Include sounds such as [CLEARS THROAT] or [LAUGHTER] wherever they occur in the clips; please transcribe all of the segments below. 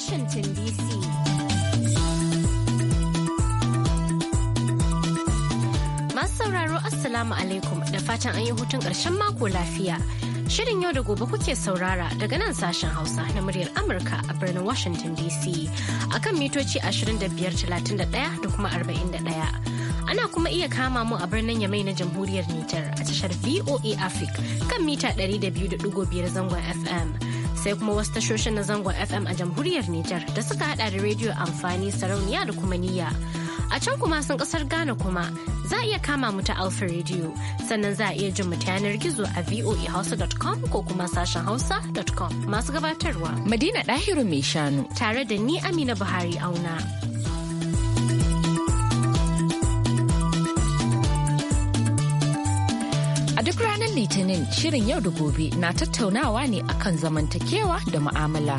Washington DC. Masu sauraro Assalamu alaikum da fatan an yi hutun ƙarshen mako lafiya. Shirin yau da gobe kuke saurara daga nan sashen Hausa na muryar Amurka a birnin Washington DC akan mitoci 25,31 da kuma 41. Ana kuma iya kama mu a birnin Yamai na Jamhuriyar Nijar a tashar VOA Africa kan mita 200.5 zangon FM. sai kuma wasu tashoshin na zangon FM a jamhuriyar Nijar da suka hada da rediyo amfani sarauniya da kuma niyya. A can kuma sun kasar Ghana kuma za a iya kama mu ta Alfa Radio sannan za a iya jin mu ta yanar gizo a voahausa.com ko kuma sashen hausa.com masu gabatarwa. Madina Dahiru mai shanu. Tare da ni Amina Buhari auna. ranar Litinin shirin yau da gobe na tattaunawa ne akan zamantakewa da ma'amala.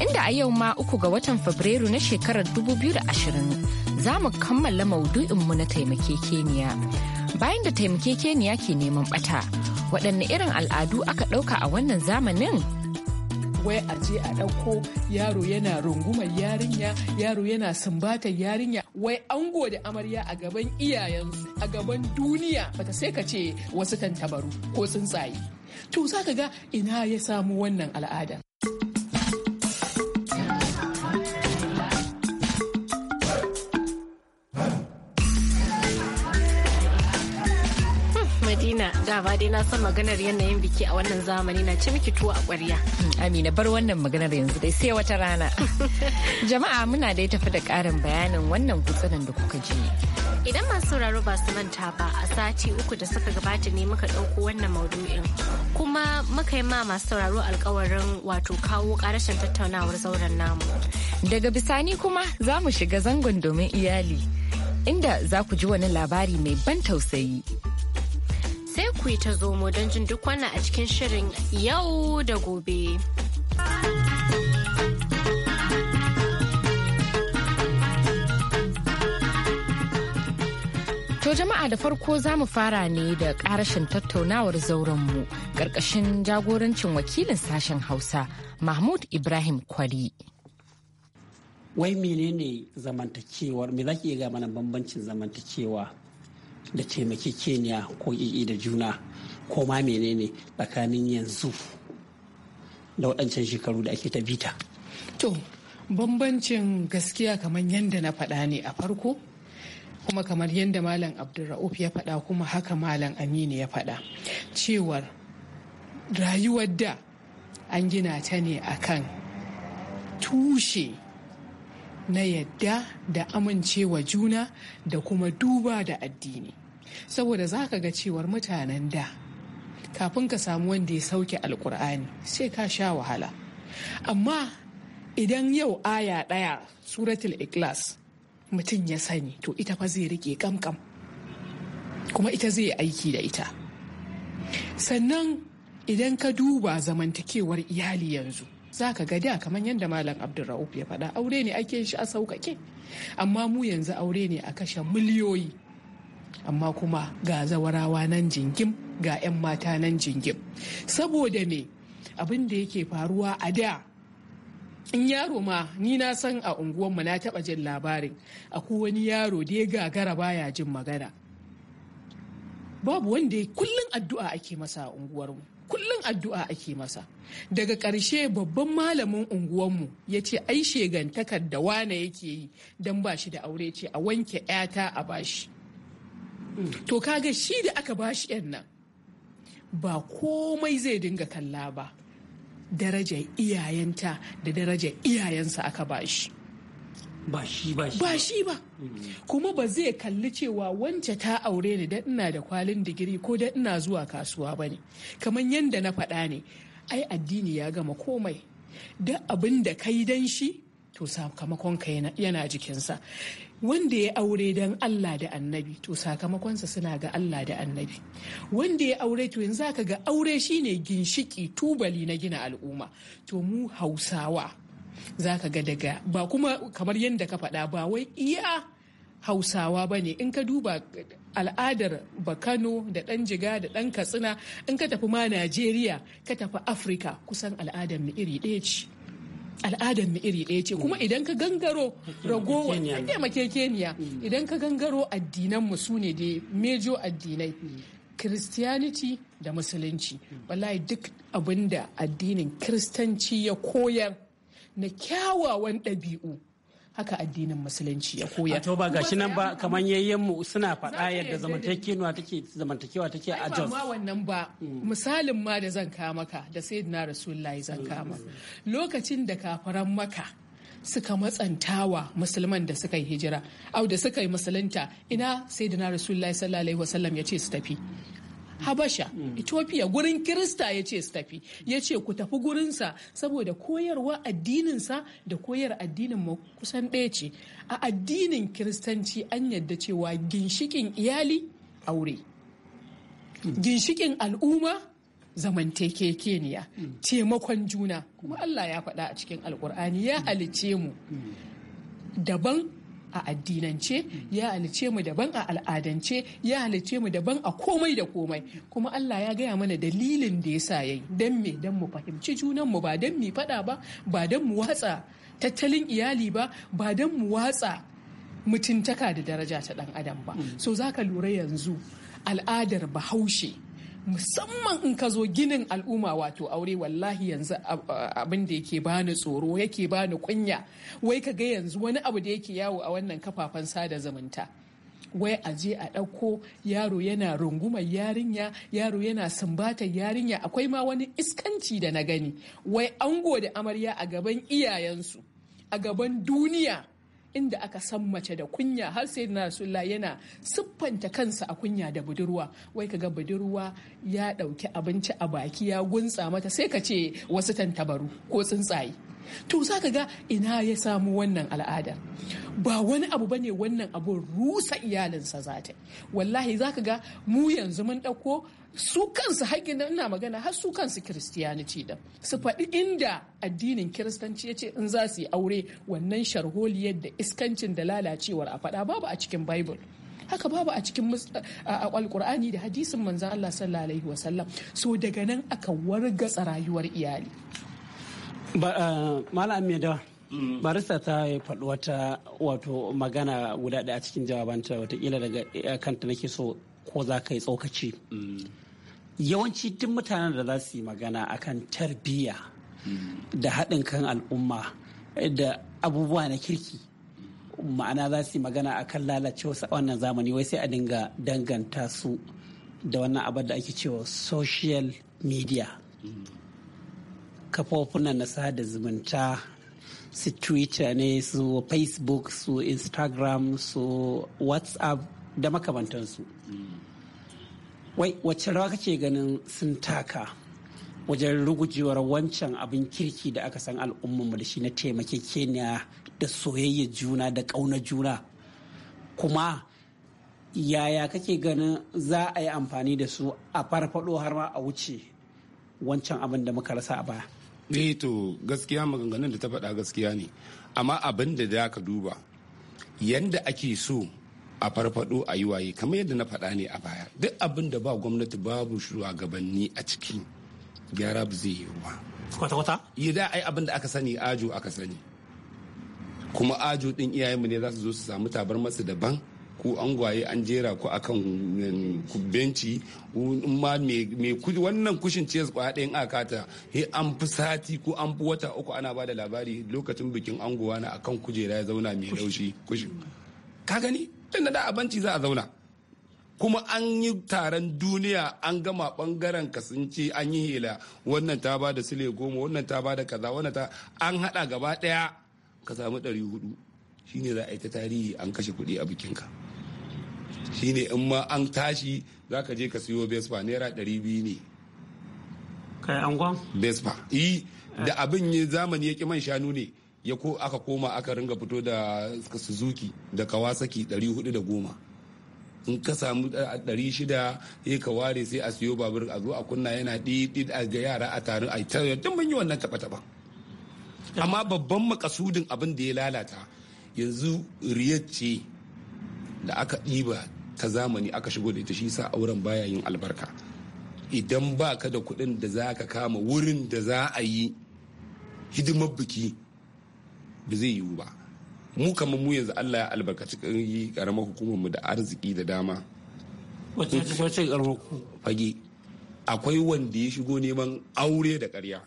Inda a yau ma uku ga watan Fabrairu na shekarar 2020 za mu kammala maudu'inmu na taimake taimakekeniya. Bayan da taimake taimakekeniya ke neman bata, waɗanne irin al'adu aka ɗauka a wannan zamanin? wai a je a ɗauko yaro yana rungumar yarinya yaro yana sumbatar yarinya wai ango da amarya a gaban iyayensu a gaban duniya bata sai ka ce wasu tantabaru ko tsuntsaye to za ka ga ina ya samu wannan al'ada. Amina ba dai na san maganar yanayin biki a wannan zamani na ci miki tuwo a ƙwarya. Amina bar wannan maganar yanzu dai sai wata rana. [LAUGHS] Jama'a muna dai tafi da ƙarin bayanin wannan kutsunan da kuka ji. Idan masu sauraro ba su manta ba a sati uku da suka gabata ne muka ɗauko wannan maudu'in. Kuma muka yi ma masu sauraro alkawarin wato kawo ƙarashin tattaunawar zauren namu. Daga bisani kuma za mu shiga zangon domin iyali. Inda za ku ji wani labari mai ban tausayi. ku ta zomo don jin duk wannan a cikin shirin yau da gobe. To jama'a da farko za mu fara ne da karashin tattaunawar zaurenmu ƙarƙashin jagorancin wakilin sashen Hausa Mahmud Ibrahim Kwari. Wai menene zamantakewar me zaki iya mana bambancin zamantakewa da taimaki keniya ko ii da juna ko ma menene tsakanin yanzu da waɗancan shekaru da ake ta bita. To, bambancin gaskiya kamar yadda na faɗa ne a farko kuma kamar yadda malam abdulra'uf ya faɗa kuma haka malam aminu ya faɗa cewar rayuwar da an gina ta ne akan tushe na yadda da amincewa juna da kuma duba da addini saboda za ka ga cewar mutanen da kafin ka samu wanda ya sauke alkur'ani sai ka sha wahala amma idan yau aya ɗaya suratul iklas mutum ya sani to ita fa zai rike kamkam kuma ita zai aiki da ita sannan idan ka duba zamantakewar iyali yanzu za ka ga da kamar yadda malam abdulra'uf ya faɗa aure ne ake shi a sauƙaƙe amma mu yanzu aure ne a kashe miliyoyi amma kuma ga zawarawa nan jingim ga 'yan mata nan jingim saboda me abin da yake faruwa a da in yaro ma ni na san a unguwanmu na taɓa jin labarin akwai wani yaro da ya gagara baya jin magana babu wanda kullum addu'a ake masa a unguwarmu kullum addu'a ake masa daga ƙarshe babban malamin unguwanmu ya ce ai shegantakar da wane yake yi don ba shi da aure ce a wanke 'yata a bashi to kaga shi da aka bashi yan nan ba komai zai dinga kalla ba darajar iyayenta da darajar iyayensa aka bashi ba shi ba ba shi ba mm. kuma ba zai kalli cewa wance ta aure ni dan ina da kwalin digiri ko dan ina zuwa kasuwa bane kamar yadda na faɗa ne ai addini ya gama komai da abin da kai dan shi to sakamakon ka yana jikinsa wanda ya aure dan Allah da annabi to sakamakonsa suna ga Allah da annabi wanda ya aure to yanzu zaka ga aure shine ginshiki tubali na gina al'umma to mu hausawa zaka ga daga ba kuma kamar yadda ka faɗa ba wai iya hausawa ba ne in ka duba al'adar bakano da ɗan jiga da ɗan katsina in ka tafi ma najeriya ka tafi afirka kusan al'adar mu iri ɗaya ce al'adar mu iri ɗaya ce kuma mm. idan ka gangaro ragowa taimakekeniya mm. idan ka gangaro addinan mu su ne da mejo addinai mm. christianity da musulunci wallahi duk abinda addinin kiristanci ya koyar na kyawawan ɗabi'u haka addinin musulunci ya koya to ba gashi nan ba kamar yayyen mu suna faɗa yadda zamantakewa take zamantakewa take a Jos ba wannan ba mm. misalin ma da zan ka maka da sayyidina Rasulullah zan kama mm. lokacin da kafaran maka suka matsantawa musulman da suka yi hijira au da suka yi musulunta ina sayyidina Rasulullah sallallahu alaihi wasallam ya ce su tafi habasha ethiopia gurin kirista ya ce su tafi ya ce ku tafi gurinsa saboda koyarwa addininsa da koyar addinin mu kusan ɗaya ce a addinin kiristanci an yadda cewa ginshikin iyali aure ginshikin al'umma zamantakekeniya taimakon juna kuma allah ya faɗa a cikin alkur'ani ya halice mu daban a addinance ya halice mu daban a al'adance ya halice mu daban a komai da komai kuma Allah ya gaya mana dalilin da yasa yayi dan me dan mu fahimci junan mu ba dan mu fada ba ba dan mu watsa tattalin iyali ba ba dan mu watsa mutuntaka da daraja ta dan adam ba mm. so zaka lura yanzu al'adar bahaushe musamman in ka zo ginin al'umma wato aure wallahi yanzu abin da yake bani tsoro yake bani kunya wai ka ga yanzu wani abu da yake yawo a wannan kafafen sada zumunta wai a je a ɗauko yaro yana rungumar yarinya yaro yana sumbatar yarinya akwai ma wani iskanci da na gani wai ango da amarya a gaban iyayensu a gaban duniya inda aka san mace da kunya har sai na sula yana siffanta kansa a kunya da budurwa wai kaga budurwa ya dauki abinci a baki ya gunsa mata sai ka ce wasu tantabaru ko tsuntsaye to za ka ga ina ya samu wannan al'ada ba wani abu ba ne wannan abun rusa iyalinsa za ta wallahi za ka ga mu yanzu mun ɗauko su kansu haƙƙin da ina magana har su kansu kiristiyaniti da su faɗi inda addinin kiristanci ya ce in za su yi aure wannan sharholiyar da iskancin da lalacewar a faɗa babu a cikin bible haka babu a cikin alkur'ani da hadisin manzan Allah sallallahu alaihi wasallam so daga nan aka wargatsa rayuwar iyali malam da barista ta faɗi wata wato magana guda ɗaya a cikin jawabanta watakila daga eh, kanta nake so ko za ka yi tsokaci yawanci duk mutanen da za su yi magana akan tarbiyya da haɗin kan al'umma da abubuwa na kirki ma'ana za su yi magana akan wasu wannan zamani wai sai a dinga danganta su da wannan abin da ake cewa social media kafofunan na sada zumunta su twitter ne su facebook su instagram su whatsapp da makamantansu mm. wai wacce rawa kake ganin sun taka wajen rugujewar wancan abin kirki da aka san al'ummanmu da shi na taimakekeniya da soyayya juna da ƙauna juna kuma yaya kake ganin za a yi amfani da su a farfado har ma a wuce wancan abin da muka rasa a baya eh, to gaskiya maganganun da ta faɗa gaskiya ne amma abin da za ka duba yanda ake so a farfado a yi waye kamar yadda na faɗa ne a baya duk abin da ba gwamnati babu shugabanni a ciki gyara ba zai yi ba kwata-kwata yi da ai abin da aka sani ajo aka sani kuma ajo din mu ne za su zo su samu tabar masu daban ku an gwaye an jera ku akan um, benci ma kudi wannan kushin su kwaɗe in aka ta he an fi sati ko an fi wata uku ana bada labari lokacin bikin anguwa na akan kujera ya zauna mai laushi kushin ka gani tun da a banci za a zauna kuma an yi taron duniya an gama bangaren kasance an yi hila wannan ta ba da sile goma wannan ta ba da kaza wannan ta an hada gaba daya ka samu ɗari hudu shine za a yi ta tarihi an kashe kuɗi a bikinka shine in ma an tashi za ka je ka siyo vespa naira ɗari biyu ne kai angon vespa yi e, da eh. abin ya zamani ya ki man shanu ne ya ko aka koma aka ringa fito da suzuki da kawasaki 410 in ka samu 600 eh, ya ka ware sai a siyo babur a zo a kunna yana ɗiɗi a ga yara a tare a ta don mun yi wannan taɓa-taɓa amma babban makasudin abin da ya lalata yanzu riyar ce da aka ɗiba ta zamani aka shigo da ita shi sa auren baya yin albarka idan ba ka da kuɗin da za ka kama wurin da za a yi hidimar biki ba zai yiwu ba mu kamar mu yanzu Allah ya albarkaci karamar hukumar da arziki da dama wacce fage akwai wanda ya shigo neman aure da karya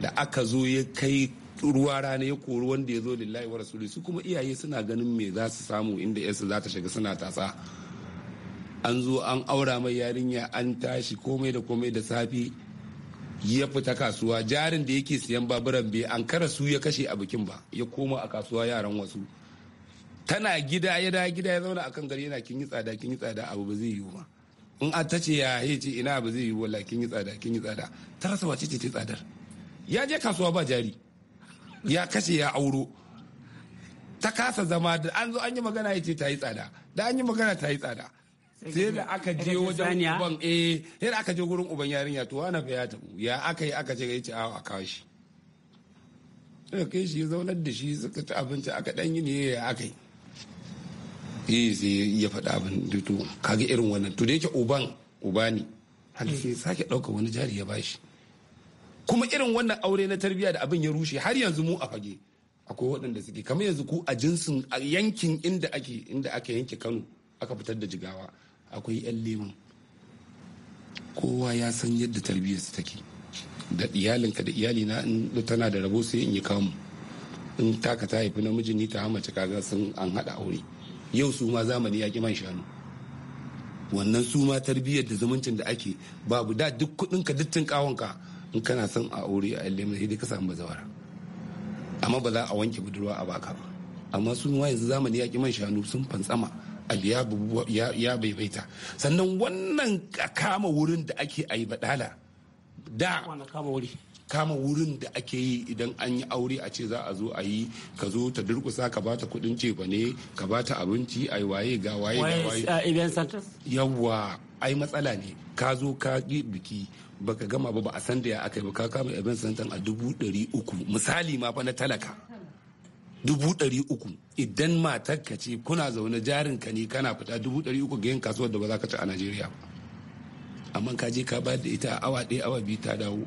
da aka zo ya kai ruwa rana ya kori wanda ya zo lillahi wa rasuli su kuma iyaye suna ganin me za su samu inda yasu za ta shiga suna tatsa an zo an aura mai yarinya an tashi komai da komai da safi ya fita kasuwa jarin da yake siyan baburan bai an kara su ya kashe a bikin ba ya koma a kasuwa yaran wasu tana gida ya da gida ya zauna akan gari yana kin yi tsada kin yi tsada abu ba zai yiwu ba in a ta ce ya ce ina ba zai yiwu wallahi kin yi tsada kin yi tsada ta rasa wace ce ta tsadar ya je kasuwa ba jari ya kashe ya auro ta kasa zama da an zo an yi magana ya ce ta yi tsada da an yi magana ta yi tsada sai da aka je wajen uban eh sai da aka je gurin uban yarinya to ana fa ya tabu ya aka yi aka je ya ce a kawo shi suka kai shi zaunar da shi suka ci abinci aka dan yi ne ya aka yi eh sai ya faɗa abin to kaga irin wannan to da yake uban uba ne har sai sake ɗaukar wani jari ya bashi kuma irin wannan aure na tarbiyya da abin ya rushe har yanzu mu a fage akwai waɗanda suke kamar yanzu ku a jinsin yankin inda ake inda aka yanke Kano aka fitar da jigawa akwai 'yan liman kowa ya san yadda tarbiyyarsu take da iyalinka da iyalina in tana da rabo sai in yi kamu in taka ta haifi namiji ni ta hamace kaga sun an haɗa aure yau su ma zamani ya ƙi man shanu wannan su ma tarbiyyar da zumuncin da ake babu da duk ka duk kawonka in kana son a aure a ilimin sai dai ka samu bazawara amma ba za a wanke budurwa a baka ba amma su ma yanzu zamani ya ƙi man shanu sun fantsama abu ya baibaita sannan wannan kama wurin da ake a yi badala da kama wurin da ake yi idan an yi aure a ce za a zo a yi ka zo ta durkusa ka bata kudin cefa ne ka bata abinci ai waye ga waye ga waye yawwa ai matsala ne ka zo ka yi biki baka gama ba ba a sanda da ya aka yi ba ka kama event center a dubu ɗari uku misali ma fa na talaka dubu ɗari uku idan matar ka ce kuna zaune jarin ka ne kana fita dubu ɗari uku ga yin kasuwar da ba za ka ci a najeriya ba amma ka je ka bada da ita awa ɗaya awa biyu ta dawo.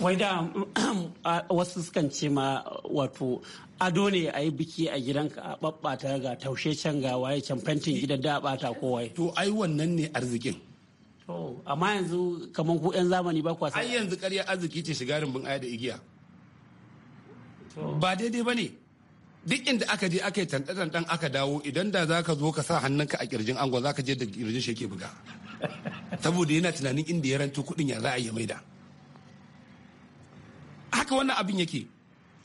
wai da [CLEARS THROAT] wasu sukan ce ma wato ado ne a yi biki a ka a ɓaɓɓata ga taushe can ga waye can fentin gidan da a ɓata kowai. to ai wannan ne arzikin. to amma yanzu kamar ku 'yan zamani ba kwasa. ai yanzu karya arziki ce shiga rumbun aya da igiya. ba daidai ba ne. duk inda aka je aka yi tantan aka dawo idan da za ka zo ka sa hannunka a kirjin angon za ka je da kirjin shi yake buga saboda yana tunanin inda ya ranto kudin ya za a yi maida haka wannan abin yake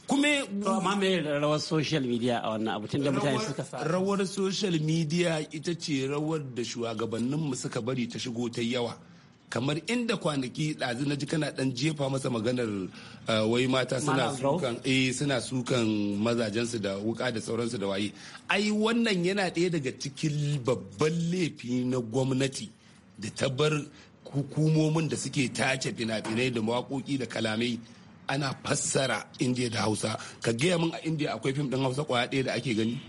kuma amma me rawar social media a wannan abu tun da mutane suka sa rawar social media ita ce rawar da shugabanninmu suka bari ta shigo ta yawa kamar inda kwanaki ɗazu na ji kana ɗan jefa masa maganar eh, wai mata suna sukan eh suna sukan mazajensu da wuka da sauransu da waye ai wannan yana ɗaya daga cikin babban laifi na gwamnati da ta bar hukumomin da suke tace fina-finai da mawakoki da kalamai ana fassara indiya da hausa ka gaya min a indiya akwai fim ɗin hausa kwaya ɗaya da ake gani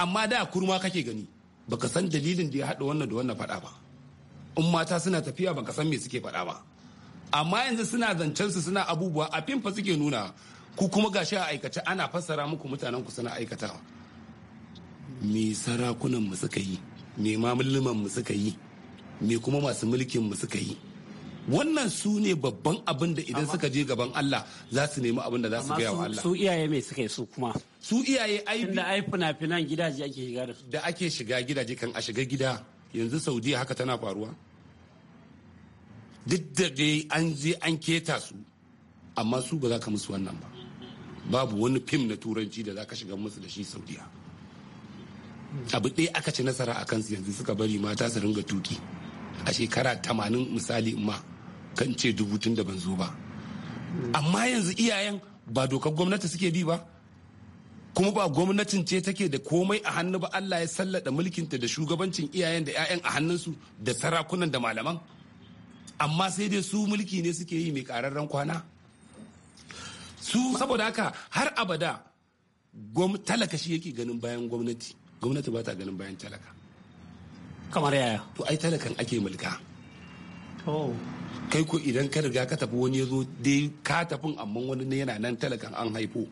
amma da kurma kake gani baka san dalilin da ya haɗa wannan da wannan faɗa ba in mata suna tafiya ba kasan me suke faɗa ba amma yanzu suna zancen su suna abubuwa a fimfa suke nuna ku kuma gashi a aikace ana fassara muku mutanen ku suna aikatawa me sarakunan mu suka yi me mamulluman mu suka yi me kuma masu mulkin mu suka yi wannan su ne babban abin da idan suka je gaban Allah za su nemi abin da za su gaya wa Allah su iyaye mai suka yi su kuma su iyaye ai da ai fina-finan gidaje ake shiga da su da ake shiga gidaje kan a shiga gida yanzu saudiya haka tana faruwa duk da dai an je an keta su amma su ba za ka musu wannan ba babu wani fim na turanci da za ka shiga musu da shi saudiya abu ɗaya aka ci nasara a kansu yanzu suka bari mata su ringa tuki a shekara tamanin misali ma kan ce dubu tun da ban zo ba amma yanzu iyayen ba dokar gwamnati suke bi ba kuma ba gwamnatin ce take da komai a hannu ba Allah ya sallada mulkinta da shugabancin iyayen da 'ya'yan a hannunsu da sarakunan da malaman amma sai dai su mulki ne suke yi mai ƙararren kwana su saboda haka har abada talaka shi yake ganin bayan gwamnati gwamnati ba ta ganin bayan talaka kamar yaya to ai talakan ake mulka kai ko idan ka riga ka tafi wani ya zo dai ka tafin amma wani ne yana nan talakan an haifo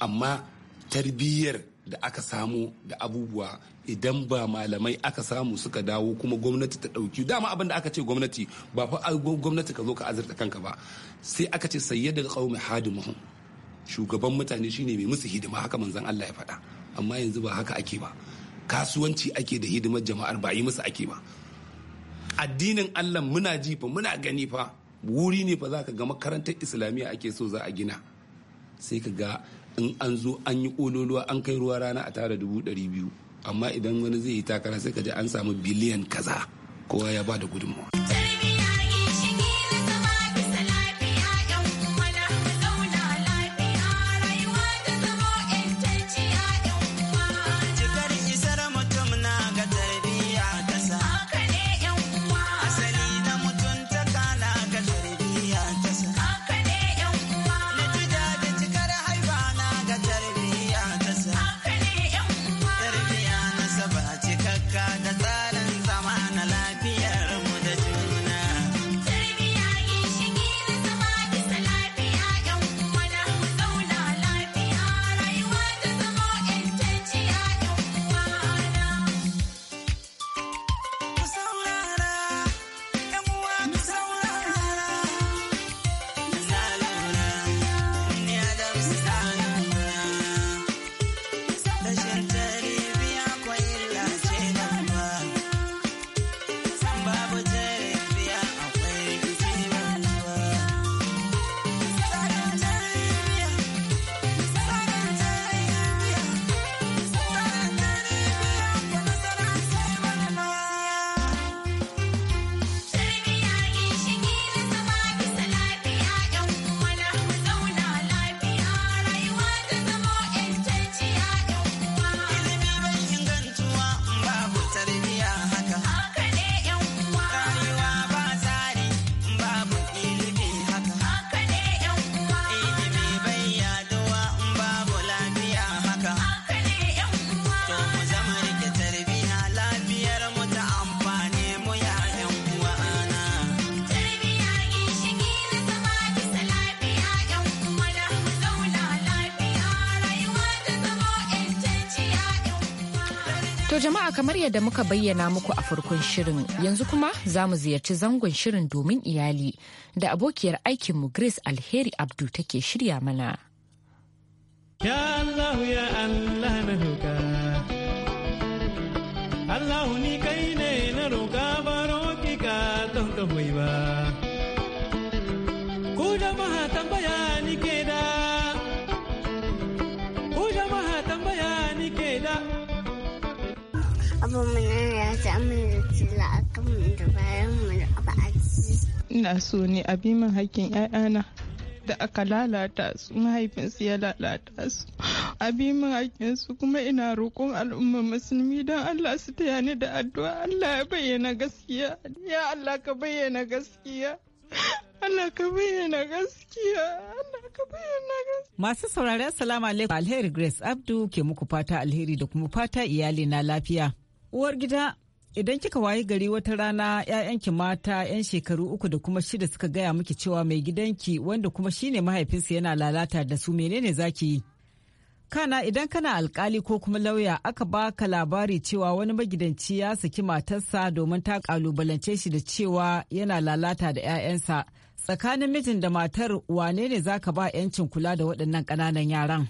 amma tarbiyyar da aka samu da abubuwa idan ba malamai aka samu suka dawo kuma gwamnati ta ɗauki dama abin da aka ce gwamnati ba fa gwamnati ka zo ka azurta kanka ba sai aka ce sayyadar qaumi hadimuhum shugaban mutane shine mai musu hidima haka manzon Allah ya faɗa amma yanzu ba haka ake ba kasuwanci ake da hidimar jama'ar ba yi musu ake ba addinin Allah muna ji fa muna gani fa wuri ne fa ka ga makarantar islamiyya ake so za a gina sai ka ga in an zo an yi kololuwa an kai ruwa rana a tara dubu ɗari biyu amma idan wani zai yi takara sai ka ji an samu biliyan kaza kowa ya ba da gudunmawa. To jama'a kamar yadda muka bayyana muku a farkon shirin yanzu kuma za mu ziyarci zangon shirin domin iyali da abokiyar aikinmu Grace Alheri Abdu take shirya mana. Ya Allah ya Allah na Allah ni kai ne na roka baro ki ka ton ka ba. ina so ne a bi min hakkin 'ya'yana da aka lalata su mahaifinsu ya lalata su a bi min su kuma ina roƙon al'umma musulmi don Allah su taya ni da addu'a Allah ya bayyana gaskiya ya Allah ka bayyana gaskiya Allah ka bayyana gaskiya Allah ka bayyana gaskiya Masu saurare assalamu alaikum alheri Grace Abdu ke muku fata alheri da kuma fata iyali na lafiya Uwar gida idan kika wayi gari wata rana 'ya'yanki mata 'yan shekaru uku da kuma shida suka gaya miki cewa mai gidanki wanda kuma shine mahaifinsa yana lalata da su menene zaki yi kana idan kana alkali ko kuma lauya aka baka labari cewa wani magidanci ya saki matarsa domin ta kalubalance shi da cewa yana lalata da 'ya'yansa tsakanin mijin da matar wane ne ka ba 'yancin kula da waɗannan ƙananan yaran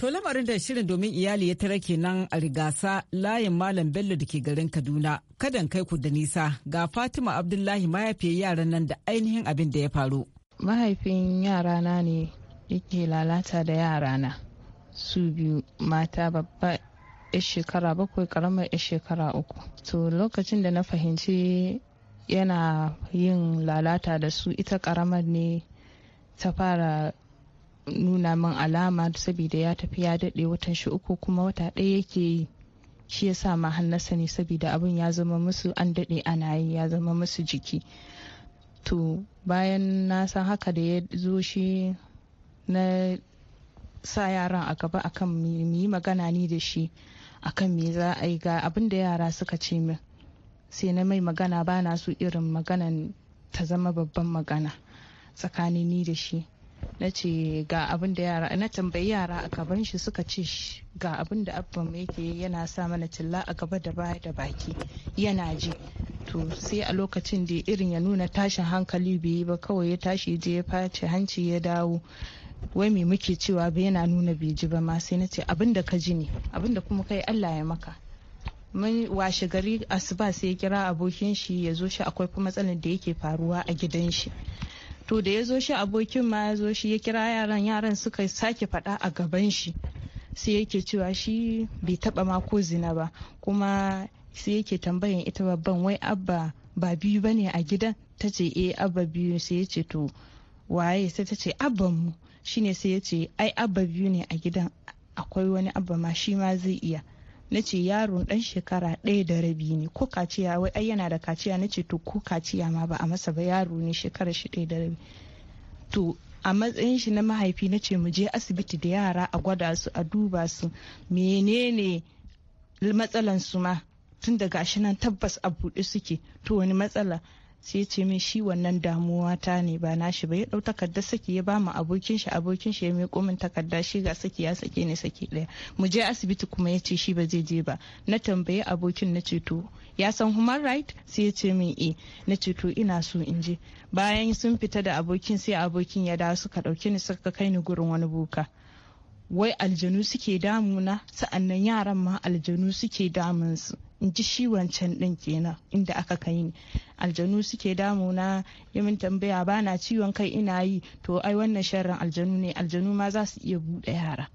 To lamarin da shirin domin iyali ya tara kenan a rigasa layin Malam Bello da ke garin Kaduna. Kadan kai ku da nisa ga Fatima Abdullahi mahaifiyar yaran nan da ainihin abin da ya faru. Mahaifin yarana ne yake lalata da yarana. Su biyu mata babba yar shekara bakwai karamar yar shekara uku. To lokacin da na fahimci yana yin lalata da su ita karamar ne ta fara nuna min alama saboda ya tafi ya daɗe watan shi uku kuma wata ɗaya yake yi shi ya sa ma na ne saboda abin ya zama musu an daɗe ana yi ya zama musu jiki to bayan na san haka da ya zo shi na sa yaran a gaba akan mu yi magana ni da shi akan me za a yi ga abin da yara suka ce min sai na mai magana ba na so irin maganan ta zama babban magana tsakanin ni da shi na ce ga abin da yara na tambayi yara a gaban shi suka ce ga abin da abban yake yana sa mana tilla a gaba da baya da baki yana ji to sai a lokacin da irin ya nuna tashin hankali bai ba kawai ya tashi je ya face hanci ya dawo wai me muke cewa ba yana nuna bai ji ba ma sai na ce abin da ka ji ne abin da kuma kai Allah ya maka mun washe gari asuba sai ya kira abokin shi ya zo shi akwai matsalar da yake faruwa a gidan shi to da ya zo shi abokin ma ya zo shi ya kira yaran yaran suka sake faɗa a gaban shi sai yake cewa shi bai taba ma ko zina ba kuma sai yake tambayan ita babban wai abba ba biyu ba ne a gidan ta ce eh abba biyu sai ya ce to waye sai ta ce abban mu shine sai ya ce ai abba biyu ne a gidan akwai wani abba ma shi ma zai iya na ce yaron dan shekara ɗaya da rabi ne ko kaciya wai ai yana da kaciya na ce to ko kaciya ma ba a masa ba yaro ne shekara shi ɗaya da rabi to a matsayin shi na mahaifi na ce mu je asibiti da yara a gwada su a duba su menene matsalan su ma tun da gashi nan tabbas a buɗe suke to wani matsala sai ce min shi wannan damuwa ta ne ba na shi ba ya dau takarda saki ya ba mu abokin shi abokin shi ya miko min takarda shi ga saki ya sake ne saki daya mu je asibiti kuma ya ce shi ba zai je ba na tambaye abokin na ceto ya san human right sai ya ce min e na ceto ina so in je bayan sun fita da abokin sai abokin ya dawo suka dauke ni suka kai ni gurin wani boka wai aljanu suke damuna sa'annan yaran ma aljanu suke damunsu in ji shi can din kenan inda aka kai ni aljanu suke damuna ya min tambaya ba na ciwon kai ina yi to ai wannan sharrin aljanu ne aljanu ma za su iya buɗe yara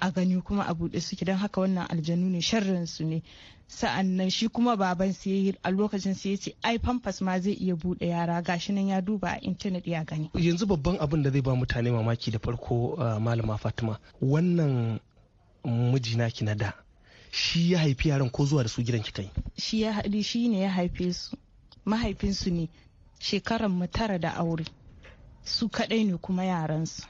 a gani kuma a buɗe suke don haka wannan aljanu ne sharrin su ne sa'annan shi kuma baban sai a lokacin sai ya ce ai famfas ma zai iya buɗe yara gashi nan ya duba a intanet ya gani yanzu babban abin da zai ba mutane mamaki da farko ah, malama fatima wannan mijina ki na da shi ya haifi yaran ko zuwa da su gidan kika yi shi ya haɗi shi ne ya haife su mahaifinsu ne shekaran mu tara da aure su kaɗai ne kuma yaran su.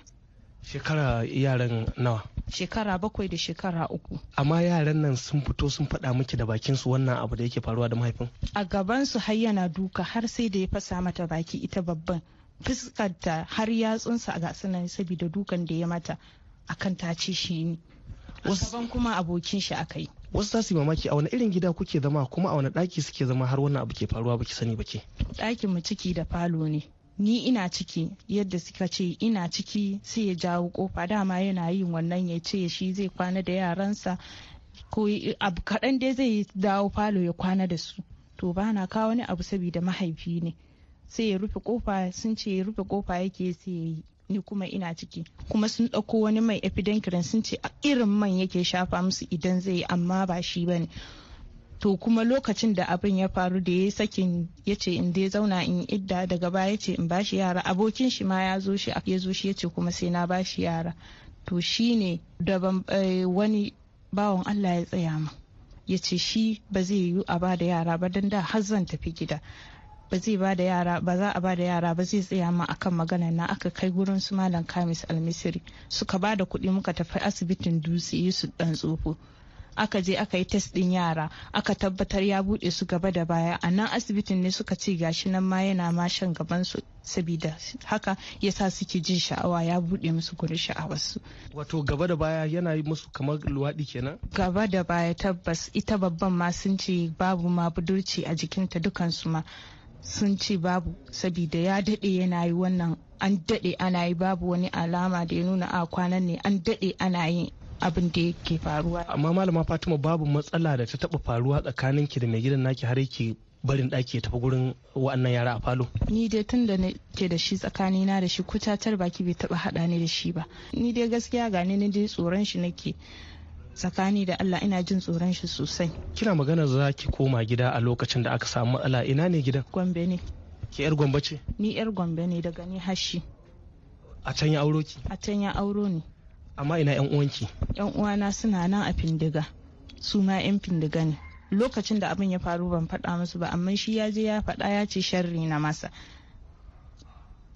shekara yaran nawa shekara bakwai da shekara uku amma yaran nan sun fito sun faɗa miki da bakin su wannan abu da yake faruwa da mahaifin a gaban su har yana duka har sai da ya fasa mata baki ita babban fuskarta har yatsunsa a gasunan saboda dukan da ya mata akan ta ce shi ne sabon kuma abokin shi yi wasu za su mamaki a wani irin gida kuke zama kuma a wani daki suke zama har wannan abu ke faruwa baki sani baki ɗakin mu ciki da falo ne ni ina ciki yadda suka ce ina ciki sai ya jawo kofa dama yana yin wannan ya ce shi zai kwana da yaransa ko abu kaɗan dai zai dawo falo ya kwana da su to ba na kawo wani abu saboda mahaifi ne sai ya rufe kofa sun ce ya rufe kofa yake sai ya yi ni kuma ina ciki kuma sun ɗauko wani mai epidemic sun ce irin man yake shafa musu idan zai yi amma ba shi ba ne to kuma lokacin da abin ya faru da ya sakin ya ce in dai zauna in idda daga baya ce in ba shi yara abokin shi ma ya zo shi ya zo shi ya ce kuma sai na ba shi yara to shi ne da eh, wani bawan Allah ya tsaya ma ya ce shi ba zai yiwu a ba da yara ba don da har zan tafi gida ba zai ba da yara ba za a ba da yara ba zai tsaya ma kan magana na aka kai gurin su malam kamis almisiri suka ba da kuɗi muka tafi asibitin dutse yusuf dan tsofo aka je aka yi test din yara aka tabbatar ya buɗe su gaba da baya a nan asibitin ne suka ce gashi nan ma yana ma shan gaban su sabida haka ya sa suke jin sha'awa ya bude musu gurin sha'awarsu wato gaba da baya yana yi musu kamar luwaɗi kenan gaba da baya tabbas ita babban ma sun ce babu ma budurci a jikinta dukansu ma sun ce babu sabida ya daɗe yana yi wannan an daɗe ana yi babu wani alama da ya nuna a kwanan ne an daɗe ana yi abin da yake faruwa amma malama fatima babu matsala da ta taɓa faruwa tsakanin ki da mai gidan naki har yake barin ɗaki ya tafi gurin wa'annan yara a falo ni dai tun da ke da shi tsakanina da shi kutatar baki bai taɓa haɗa ni da shi ba ni dai gaskiya gane ni dai tsoron shi nake tsakani da Allah ina jin tsoron shi sosai. Kina magana za ki koma gida a lokacin da aka samu matsala ina ne gidan? Gombe ne. Ke yar Gombe ce? Ni yar Gombe ne daga ni hashi. A can ya auro ki? A can ya auro ne. Amma ina yan uwanki? Yan uwana suna nan a Findiga. Su ma yan Findiga ne. Lokacin da abin ya faru ban faɗa musu ba amma shi ya je ya faɗa ya ce sharri na masa.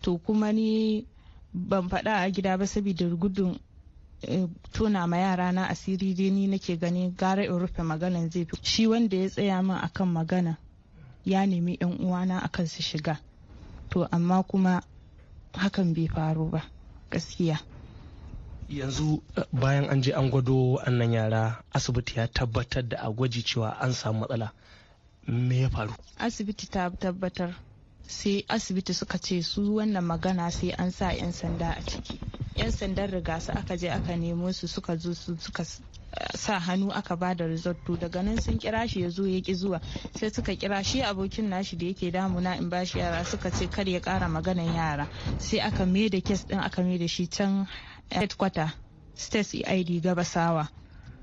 To kuma ni ban faɗa a gida ba saboda gudun Eh, tona ma yara na asiri dai ni nake gani gara in rufe magana zai fi shi wanda ya tsaya min akan magana ya nemi yan uwana akan su shiga to amma kuma hakan bai faru ba gaskiya yanzu eh, bayan an je an gwado annan yara asibiti ya tabbatar da a gwaji cewa an samu matsala me ya faru asibiti ta tabbatar sai asibiti suka ce su wannan magana sai an sa 'yan sanda a ciki yan sandan su aka je aka nemo su suka zo su suka sa hannu aka ba da resort to daga nan sun kira shi ya zo ya ki zuwa sai suka kira shi abokin nashi da yake damuna in ba shi yara suka ce kar ya kara maganan yara sai aka me da kes din aka me da shi can headquarter state eid gabasawa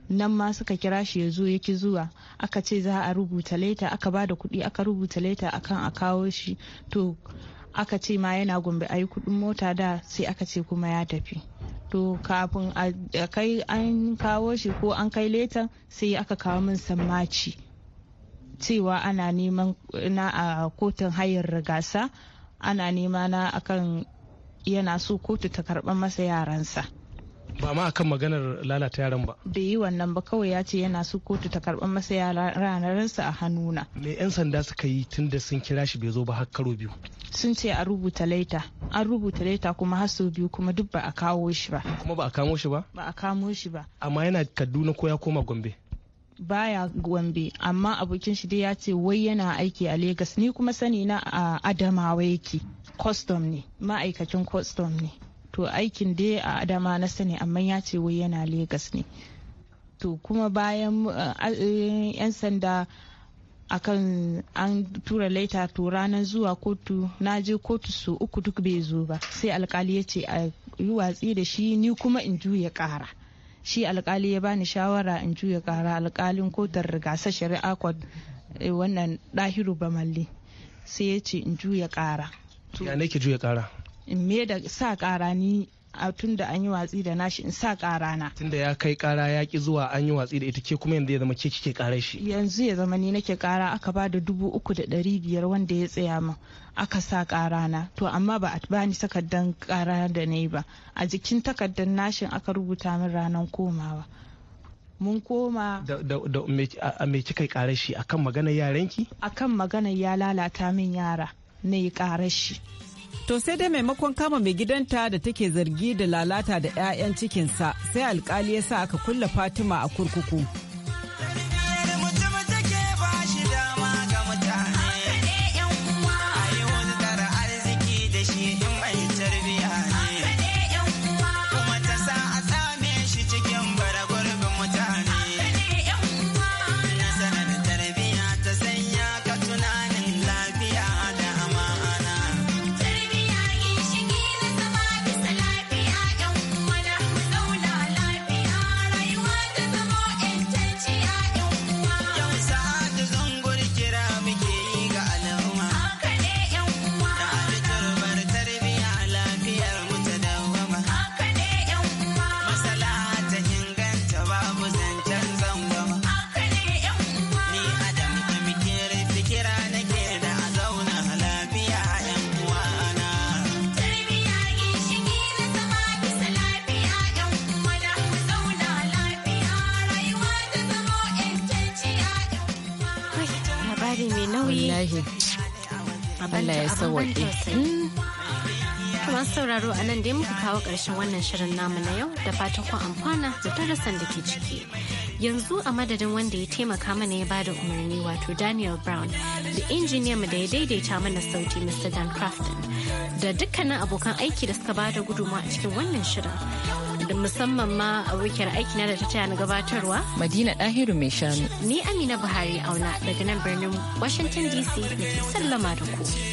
nan ma suka kira shi ya zo ya ki zuwa aka ce za a rubuta leta aka ba da kuɗi aka rubuta leta akan a kawo shi to aka ce ma yana gombe a yi kudin mota da sai aka ce kuma ya tafi to kafin a kai an kawo shi ko an kai letan sai aka kawo min sammaci cewa ana neman na a kotun hayar rigasa ana nema na akan yana so kotu ta karɓar masa yaransa ba ma akan maganar lalata yaran ba bai yi wannan ba kawai ya ce yana su kotu ta karɓar masa ranarsa a hannuna me yan sanda suka yi tun da sun kira shi bai zo ba har karo biyu sun ce a rubuta laita an rubuta laita kuma har sau biyu kuma duk ba a kawo shi ba kuma ba a kamo shi ba ba a kamo shi ba amma yana kaduna ko ya koma gombe baya gombe amma abokin shi dai ya ce wai yana aiki a Legas ni kuma sani na a Adamawa yake custom ne ma'aikacin custom ne to aikin dai a adama na sani amma ya ce wai yana legas ne to kuma bayan eh, eh, 'yan sanda akan an tura laita to ranar zuwa kotu na je kotu su uku duk bai zo ba sai alkali ya ce a yi watsi da shi ni kuma in juya kara shi alkali ya bani shawara in juya kara alkalin kotar rigasa shari'a eh, wannan dahiru bamalli sai ya ce in juya kara ya juya kara in me da sa ƙara ni a tun da an yi watsi da nashi in sa ƙara na. Tun da ya kai ƙara ya ki zuwa an yi watsi da ita ke kuma yanzu ya zama ke kike ƙara shi. Yanzu ya zama ni nake ƙara aka ba da dubu uku da ɗari biyar wanda ya tsaya min aka sa ƙara na to amma ba a ni takardar ƙara da na yi ba a jikin takardar nashin aka rubuta min ranar komawa. mun koma da, a me kika ƙarashi shi akan maganar yaranki? akan maganar ya lalata min yara na yi ƙara shi. To sai dai maimakon kama mai gidanta da take zargi da lalata da 'ya'yan cikinsa sai alkali ya sa aka kulla Fatima a kurkuku. sauraro a nan dai muka kawo ƙarshen wannan shirin namu na yau da fatan kun amfana da darasan da ke ciki. Yanzu a madadin wanda ya taimaka mana ya bada umarni wato Daniel Brown da injiniya mu da ya daidaita mana sauti Mr. Dan Crafton da dukkanin abokan aiki da suka bada gudunmawa a cikin wannan shirin. Da musamman ma wikiyar aiki na da ta taya na gabatarwa. Madina Dahiru mai shanu. Ni Amina Buhari auna daga nan birnin Washington DC da ke sallama da ku.